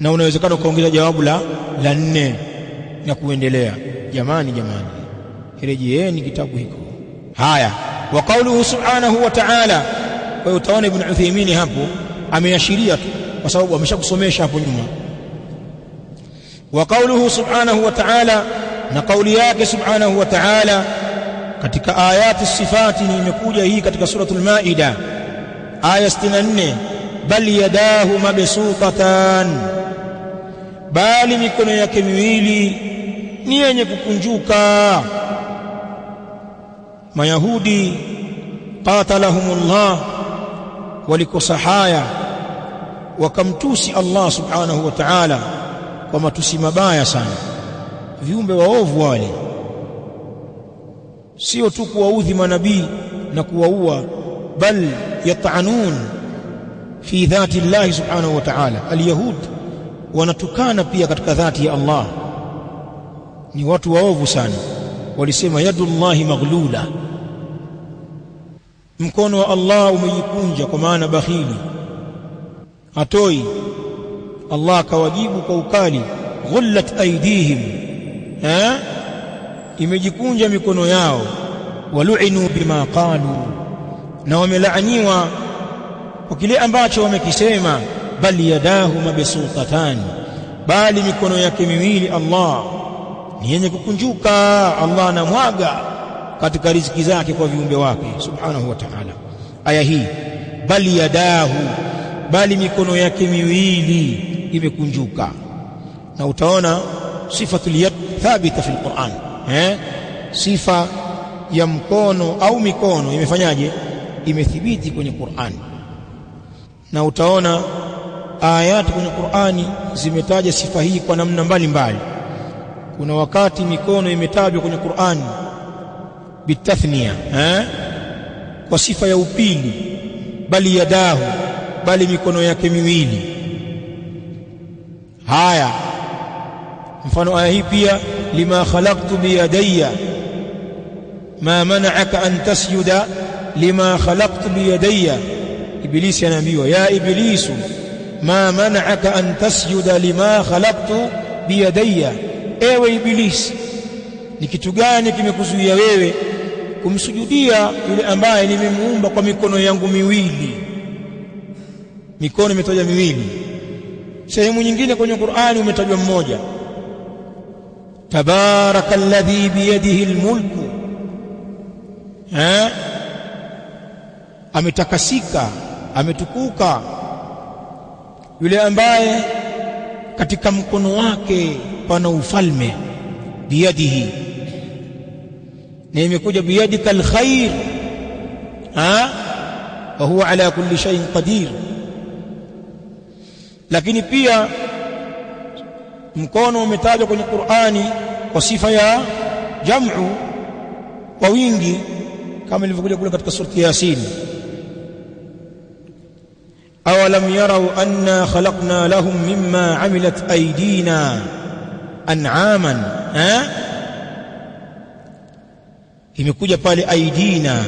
na unawezekana ukaongeza jawabu la la nne na kuendelea. Jamani, jamani, rejeeni kitabu hiko. Haya, wa qauluhu subhanahu wa ta'ala. Kwa hiyo utaona Ibn Uthaymeen hapo ameashiria tu, kwa sababu ameshakusomesha hapo nyuma. Wa qauluhu subhanahu wa ta'ala, na kauli yake subhanahu wa ta'ala katika ayati sifati, ni imekuja hii katika suratul Maida aya 64, bal yadahu mabsutatan bali mikono yake miwili ni yenye kukunjuka. Mayahudi qatalahumullah, walikosa haya wakamtusi Allah subhanahu wa ta'ala kwa matusi mabaya sana. Viumbe waovu wale, sio tu kuwaudhi manabii na kuwaua, bal yatanun fi dhati llahi subhanahu wa ta'ala. Alyahud wanatukana pia katika dhati ya Allah, ni watu waovu sana. Walisema yadullahi maghlula, mkono wa Allah umejikunja, kwa maana bakhili hatoi. Allah akawajibu kwa ukali, ghullat aidihim, eh? imejikunja mikono yao. Waluinu bima qalu, na wamelaaniwa kwa kile ambacho wamekisema bal yadahu mabsutatani, bali mikono yake miwili Allah ni yenye kukunjuka. Allah anamwaga katika riziki zake kwa viumbe wake subhanahu wa ta'ala. Aya hii bal yadahu, bali mikono yake miwili imekunjuka, na utaona sifa tuliyat thabita fil Qur'an eh? sifa ya mkono au mikono imefanyaje? Imethibiti kwenye Qur'an na utaona Ayati kwenye Qur'ani zimetaja sifa hii kwa namna mbalimbali Kuna wakati mikono imetajwa kwenye Qur'ani bitathnia eh, kwa sifa ya upili, bali yadahu, bali mikono yake miwili. Haya, mfano aya hii pia, lima khalaqtu biyadayya ma mana'aka an tasjuda lima khalaqtu biyadayya. Ibilisi anaambiwa ya ibilisu ma mana'aka an tasjuda lima khalaqtu biyadayya, ewe Ibilisi, ni kitu gani kimekuzuia wewe kumsujudia yule ambaye nimemuumba kwa mikono yangu miwili? Mikono imetajwa miwili, sehemu nyingine kwenye Qur'ani umetajwa mmoja, tabaraka tabarakalladhi biyadihi almulku, eh? ametakasika, ametukuka yule ambaye katika mkono wake pana ufalme, biyadihi, na imekuja biyadika alkhair, wa huwa ala kulli shay'in qadir. Lakini pia mkono umetajwa kwenye Qur'ani kwa sifa ya jam'u, kwa wingi, kama ilivyokuja kule katika surati Yasin awalam yarau anna khalaqna lahum mimma amilat aydina an'aman imekuja pale aidina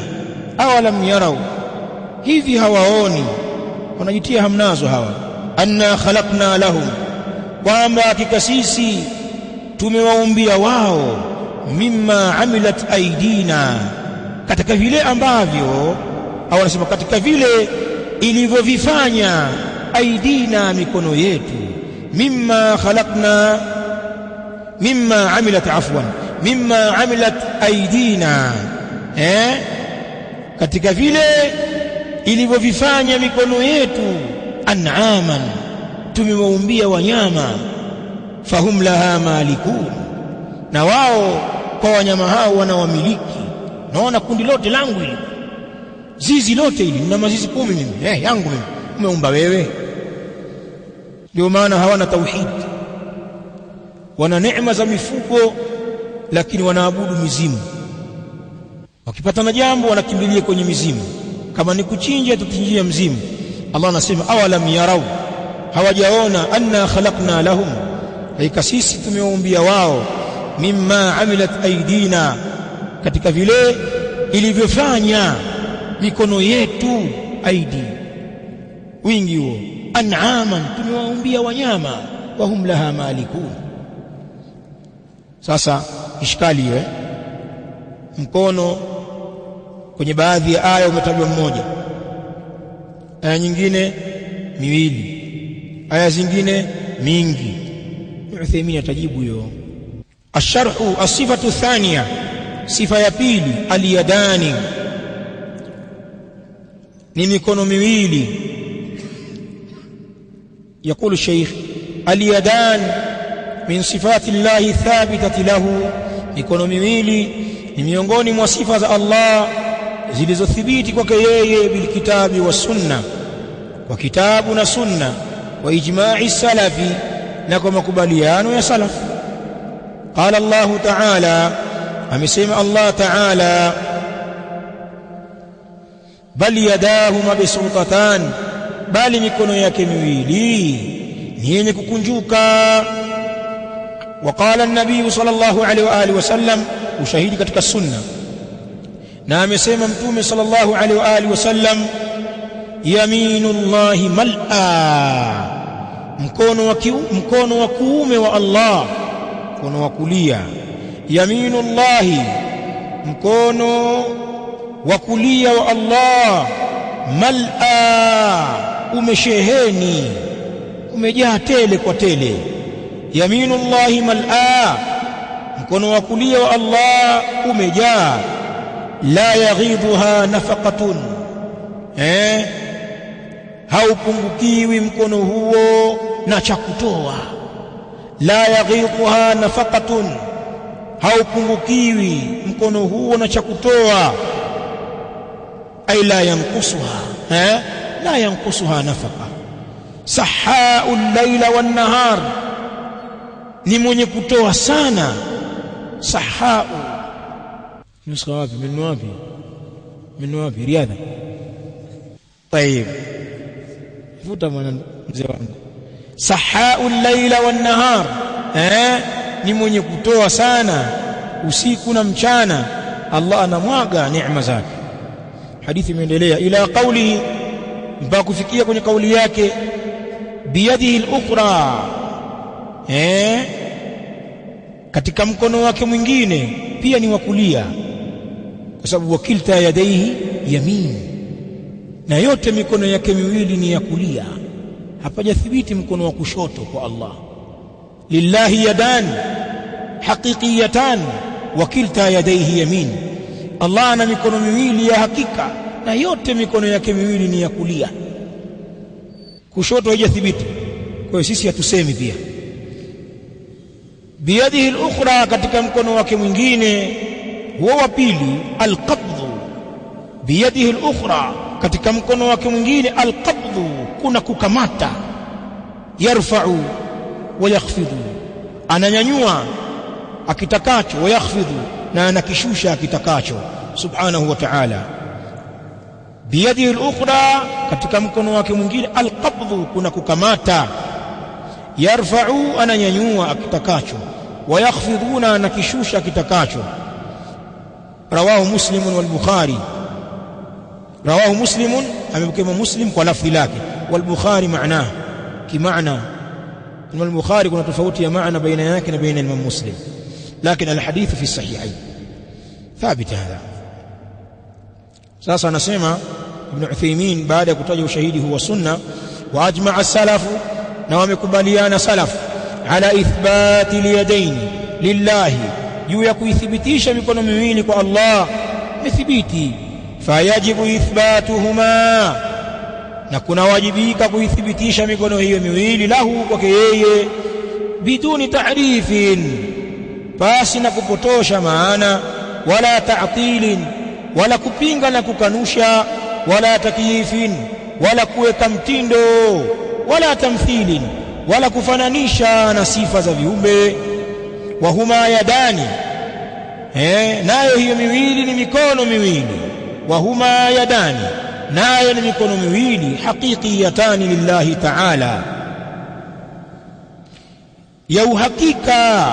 awalam yarau hivi hawaoni wanajitia hamnazo hawa anna khalaqna lahum kwamba hakika sisi tumewaumbia wao mimma amilat aidina katika vile ambavyo au wanasema katika vile ilivyovifanya aidina mikono yetu mimma khalaqna mimma amilat afwan mimma amilat aidina eh, katika vile ilivyovifanya mikono yetu an'aman, tumewaumbia wanyama fahum laha malikun, na wao kwa wanyama hao wanawamiliki. Naona kundi lote langu hili zizi lote hili na mazizi kumi mimi eh, yangu mimi, umeumba wewe. Ndio maana hawana tauhidi, wana neema za mifugo, lakini wanaabudu mizimu. Wakipata na jambo wanakimbilia kwenye mizimu, kama ni kuchinja, tutinjia mzimu. Allah anasema awalam yarau, hawajaona anna khalaqna lahum, hakika sisi tumewaumbia wao, mimma amilat aidina, katika vile ilivyofanya mikono yetu aidi wingi huo an'aman tumewaumbia wanyama wa hum laha malikun sasa ishkali hiyo mkono kwenye baadhi ya aya umetajwa mmoja aya nyingine miwili aya zingine mingi Uthaymeen atajibu hiyo asharhu asifatu thania sifa ya pili aliyadani ni mikono miwili يقول الشيخ اليدان min صفات الله ثابتة lahu mikono miwili ni miongoni mwa sifa za Allah zilizothibiti kwake yeye bilkitabi wa sunna kwa kitabu na sunna wa ijma'i salafi na kwa makubaliano ya salafu qala Allah ta'ala amesema Allah ta'ala bal yadahu mabsuṭatan bali mikono yake miwili ni yenye kukunjuka وقال النبي صلى الله عليه واله وسلم ushahidi katika sunna na amesema mtume sallallahu alaihi wa alihi wasallam yaminullahi mal'a mkono wa mkono wa kuume wa Allah mkono wa kulia yaminullahi mkono wa kulia wa Allah mal'a, umesheheni umejaa tele kwa tele. yaminu llahi mal'a, mkono wa kulia wa Allah umejaa. La yaghidhuha nafaqatun, eh, haupungukiwi mkono huo na cha kutoa. La yaghidhuha nafaqatun, haupungukiwi mkono huo na cha kutoa ay la yankusuha eh? la yankusuha nafaqa sahau laila wan ni mwenye kutoa sana sahau nuska wapi minu wapi minu wapi riadha tayib vuta mwana mzee wangu sahau laila wan eh ni mwenye kutoa sana usiku na mchana Allah anamwaga neema zake hadithi imeendelea ila qaulihi mpaka kufikia kwenye kauli yake biyadihi al-ukhra eh katika mkono wake mwingine pia ni wa kulia kwa sababu wakilta yadaihi yamin na yote mikono yake miwili ni ya kulia hapajathibiti mkono wa kushoto kwa Allah lillahi yadan haqiqiyatan wakilta yadaihi yamin Allah ana mikono miwili ya hakika, na yote mikono yake miwili ni ya kulia, kushoto haijathibiti. Kwa hiyo sisi hatusemi pia. Biyadihi al-ukhra, katika mkono wake mwingine, huo wa pili, alqabdhu. Biyadihi al-ukhra, katika mkono wake mwingine, alqabdhu, kuna kukamata. Yarfa'u wa yakhfidhu, ananyanyua akitakacho, wa yakhfidhu na anakishusha kitakacho subhanahu wa ta'ala biyadihi al-ukhra katika mkono wake mwingine al-qabdh kuna kukamata yarfa'u ananyanyua akitakacho wayakhfiduna anakishusha kitakacho rawahu muslim wal bukhari rawahu muslim amepokea muslim kwa lafzi lake wal bukhari maana kimaana imam al-bukhari kuna tofauti ya maana baina yake na baina imam muslim lakini al hadith fi sahihayn thabit hadha. Sasa anasema Ibn Uthaymeen baada ya kutaja ushahidi huwa sunna, wa ajmaa salafu, na wamekubaliana salaf ala ithbati lyadaini lillahi, juu ya kuithibitisha mikono miwili kwa Allah imethibiti. Fayajibu ithbatuhuma, na kunawajibika kuithibitisha mikono hiyo miwili lahu, kwake yeye, biduni tahrifin, pasi na kupotosha maana wala ta'tilin wala kupinga na kukanusha wala takyifin wala kuweka mtindo wala tamthilin wala kufananisha na sifa za viumbe wa huma yadani eh nayo hiyo miwili ni mikono miwili wa huma yadani nayo ni mikono miwili haqiqiyatani lillahi ta'ala ya uhakika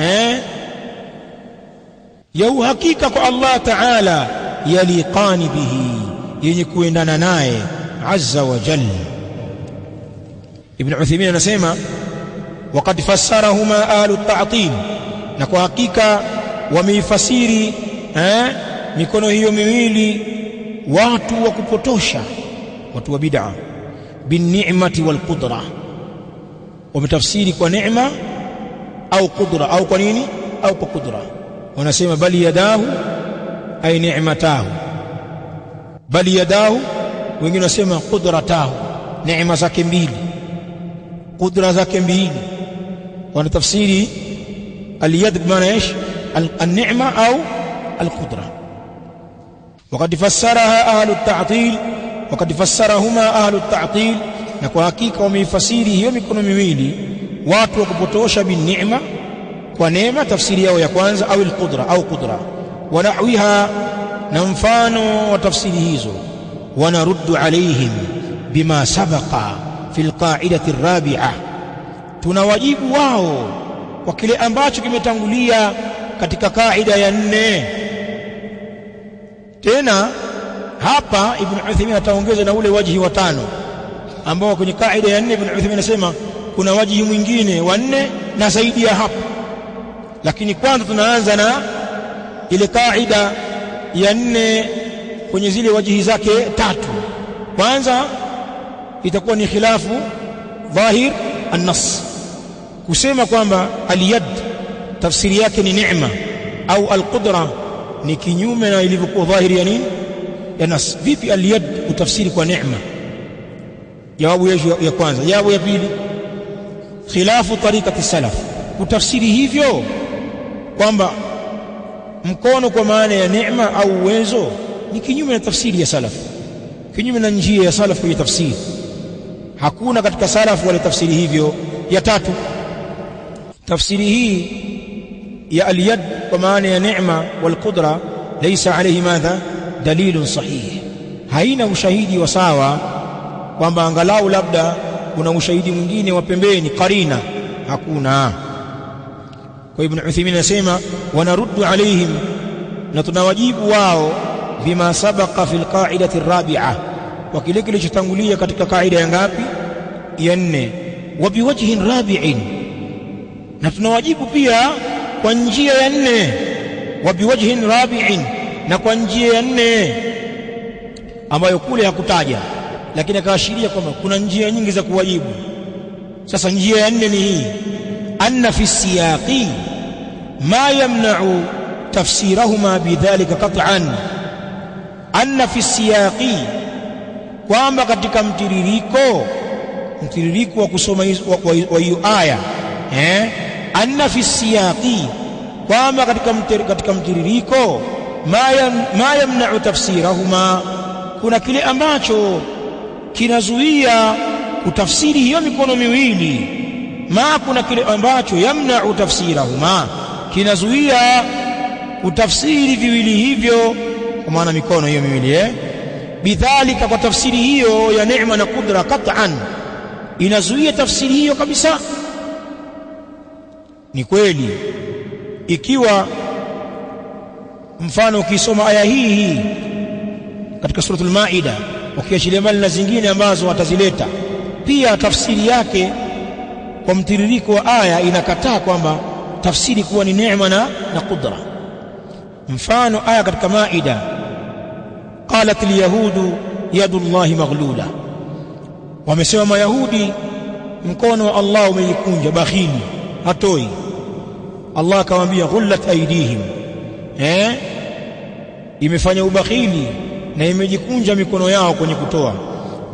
eh ya uhakika kwa Allah Ta'ala, yaliqani bihi, yenye kuendana naye azza wa jalla. Ibn Uthaymeen anasema waqad fassarahuma ahlu ta'til, na kwa hakika wameifasiri eh, mikono hiyo miwili watu wa kupotosha, watu wa bid'a, binni'mati walqudra wametafsiri kwa neema au qudra au kwa nini au kwa qudra wanasema bali yadahu ay ni'matahu bali yadahu wengine wanasema qudratahu neema zake mbili qudra zake mbili wanatafsiri aliyad bmaana ايش النعمه au القدره وقد فسرها اهل التعطيل وقد فسرهما اهل التعطيل na kwa hakika wameifasiri hiyo mikono miwili watu wa kupotosha bin neema kwa neema tafsiri yao ya kwanza au alqudra au qudra wanahwiha na mfano wa tafsiri hizo wanaruddu alaihim bima sabaqa fi alqaidati arrabi'a tunawajibu wao kwa kile ambacho kimetangulia katika kaida ya nne tena hapa ibn Uthaymeen ataongeza na ule wajihi wa tano ambao kwenye kaida ya nne ibn Uthaymeen anasema kuna wajihi mwingine wa nne na zaidi ya hapo lakini kwanza tunaanza na ile kaida ya nne kwenye zile wajihi zake tatu. Kwanza itakuwa ni khilafu dhahir an-nas, kusema kwamba al-yad tafsiri yake ni neema au al-qudra ni kinyume na ilivyokuwa dhahiri ya nini ya nas. Vipi al-yad utafsiri kwa neema? Jawabu ya ya kwanza. Jawabu ya pili khilafu tarikati salaf, kutafsiri hivyo kwamba mkono kwa maana ya neema au uwezo ni kinyume na tafsiri ya salaf, kinyume na njia ya salaf kwenye tafsiri. Hakuna katika salafu wale tafsiri hivyo. Ya tatu, tafsiri hii ya alyad kwa maana ya neema walqudra, laisa alayhi madha dalilun sahih, haina ushahidi wa sawa, kwamba angalau labda kuna ushahidi mwingine wa pembeni, karina, hakuna. Kwa Ibn uthaymin anasema wanaruddu alaihim, na tunawajibu wao bima sabaqa fi qa'idati rabi'a, kwa kile kilichotangulia katika kaida ya ngapi? Ya nne. Wa biwajhin rabi'in, na tunawajibu pia kwa njia ya nne. Wa biwajhin rabi'in, na kwa njia ya nne ambayo kule hakutaja, lakini akaashiria kwamba kuna njia nyingi za kuwajibu. Sasa njia ya nne ni hii, anna fi siyaqi ما يمنع تفسيرهما بذلك قطعا أن في السياق kwamba katika mtiririko mtiririko wa kusoma wa hiyo aya eh anna fi siyaqi kwamba katika katika mtiririko ma yamna'u tafsirahuma kuna kile ambacho kinazuia kutafsiri hiyo mikono miwili ma kuna kile ambacho yamna'u tafsirahuma kinazuia kutafsiri viwili hivyo, kwa maana mikono hiyo miwili eh, bidhalika, kwa tafsiri hiyo ya neema na kudra, qat'an, inazuia tafsiri hiyo kabisa. Ni kweli ikiwa mfano ukisoma aya hii hii katika suratul Maida ukiachilia mbali na zingine ambazo watazileta pia, tafsiri yake kwa mtiririko wa aya inakataa kwamba tafsiri kuwa ni neema na, na qudra mfano aya katika Maida qalat lyahudu yadu llahi maghlula wamesema mayahudi mkono wa Allah umeikunja bakhili hatoi Allah akamwambia ghullat aidihim eh imefanya ubakhili na imejikunja mikono yao kwenye kutoa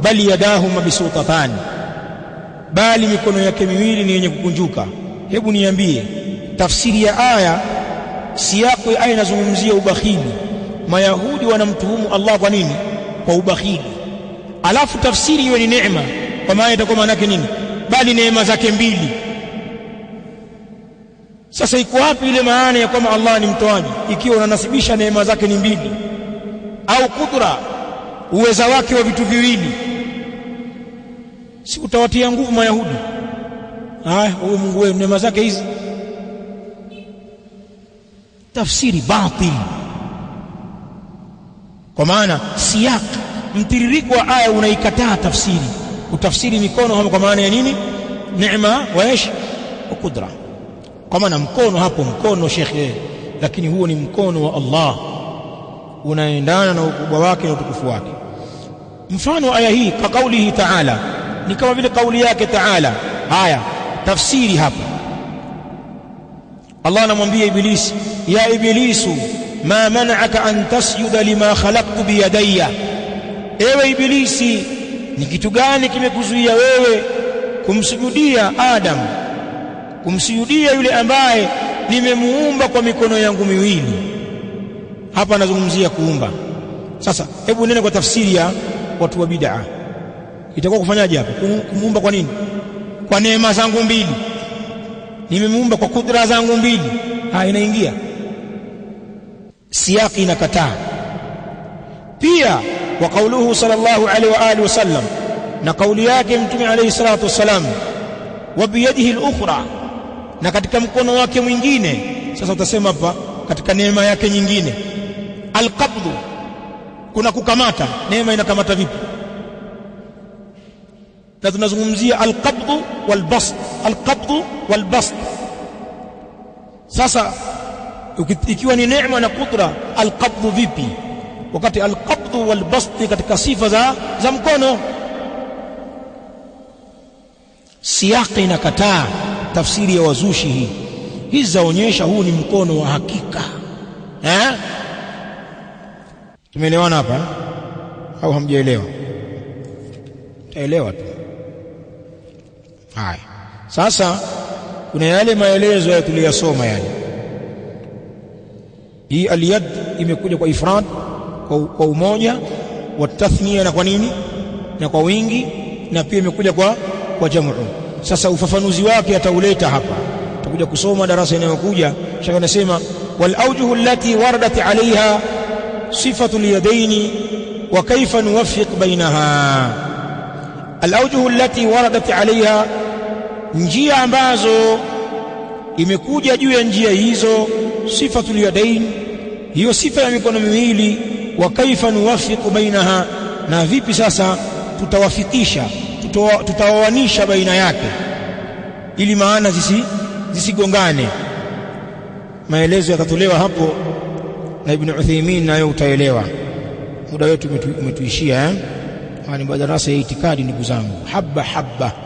bali yadahu mabsutatani bali mikono yake miwili ni yenye kukunjuka hebu niambie tafsiri ya aya siyaku ya aya inazungumzia ubakhili. Mayahudi wanamtuhumu Allah kwa nini? Kwa ubakhili, alafu tafsiri iwe ni neema, kwa maana itakuwa maana yake nini? Bali neema zake mbili. Sasa iko wapi ile maana ya kwamba Allah ni mtoaji, ikiwa unanasibisha neema zake ni mbili, au kudra, uweza wake wa vitu viwili? Si utawatia nguvu Mayahudi? aya huyu Mungu wewe, neema zake hizi tafsiri batil, kwa maana siyak, mtiririko wa aya unaikataa tafsiri, utafsiri mikono hapo kwa maana ya nini? Neema waesh wa kudra, kwa maana mkono hapo, mkono shekhe, lakini huo ni mkono wa Allah, unaendana na ukubwa wake na utukufu wake. Mfano aya hii ka kaulihi taala, ni kama vile kauli yake taala. Haya, tafsiri hapa Allah anamwambia Ibilisi, ya Ibilisu, ma mana'aka an tasjuda lima khalaqtu biyadayya, ewe Ibilisi, ni kitu gani kimekuzuia wewe kumsujudia Adam, kumsujudia yule ambaye nimemuumba kwa mikono yangu miwili. Hapa anazungumzia kuumba. Sasa hebu nene kwa tafsiri ya watu wa bid'a, itakuwa kufanyaje hapa? Kumuumba kwa nini? Kwa neema zangu mbili nimemuumba kwa kudra zangu mbili, ha inaingia siyaki inakataa. Pia wa kauluhu sallallahu alaihi wa alihi wasallam, na kauli yake Mtume alaihi salatu wassalam, wa biyadihi lukhra na katika mkono wake mwingine. Sasa utasema hapa katika neema yake nyingine, alqabdhu, kuna kukamata. Neema inakamata vipi? Na tunazungumzia alqabdhu walbast alqabdu walbast sasa ikiwa ni neema na kudra alqabdu vipi wakati alqabdu walbasti katika sifa za za mkono siyaqi inakataa tafsiri ya wazushi hii hizi zaonyesha huu ni mkono wa hakika eh tumeelewana hapa eh? au hamjaelewa taelewa tu haya sasa kuna yale maelezo ya tuliyasoma yale. Hii aliyad imekuja kwa ifrad, kwa, umoja wa tathnia na kwa nini na kwa wingi, na pia imekuja kwa, kwa jamu. Sasa ufafanuzi wake atauleta hapa, tutakuja kusoma darasa inayokuja. Shaka anasema wal awjuhu allati waradat alaiha sifatu lyadaini wa kaifa nuwaffiq bainaha. Al awjuhu allati waradat alaiha njia ambazo imekuja juu ya njia hizo sifatul yadain, hiyo sifa ya mikono miwili. Wa kaifa nuwafiqu bainaha, na vipi sasa tutawafikisha tutawawanisha baina yake ili maana zisi zisigongane. Maelezo yatatolewa hapo na Ibn Uthaymeen, nayo utaelewa. Muda wetu umetuishia eh? Ni darasa ya itikadi, ndugu zangu, habba habba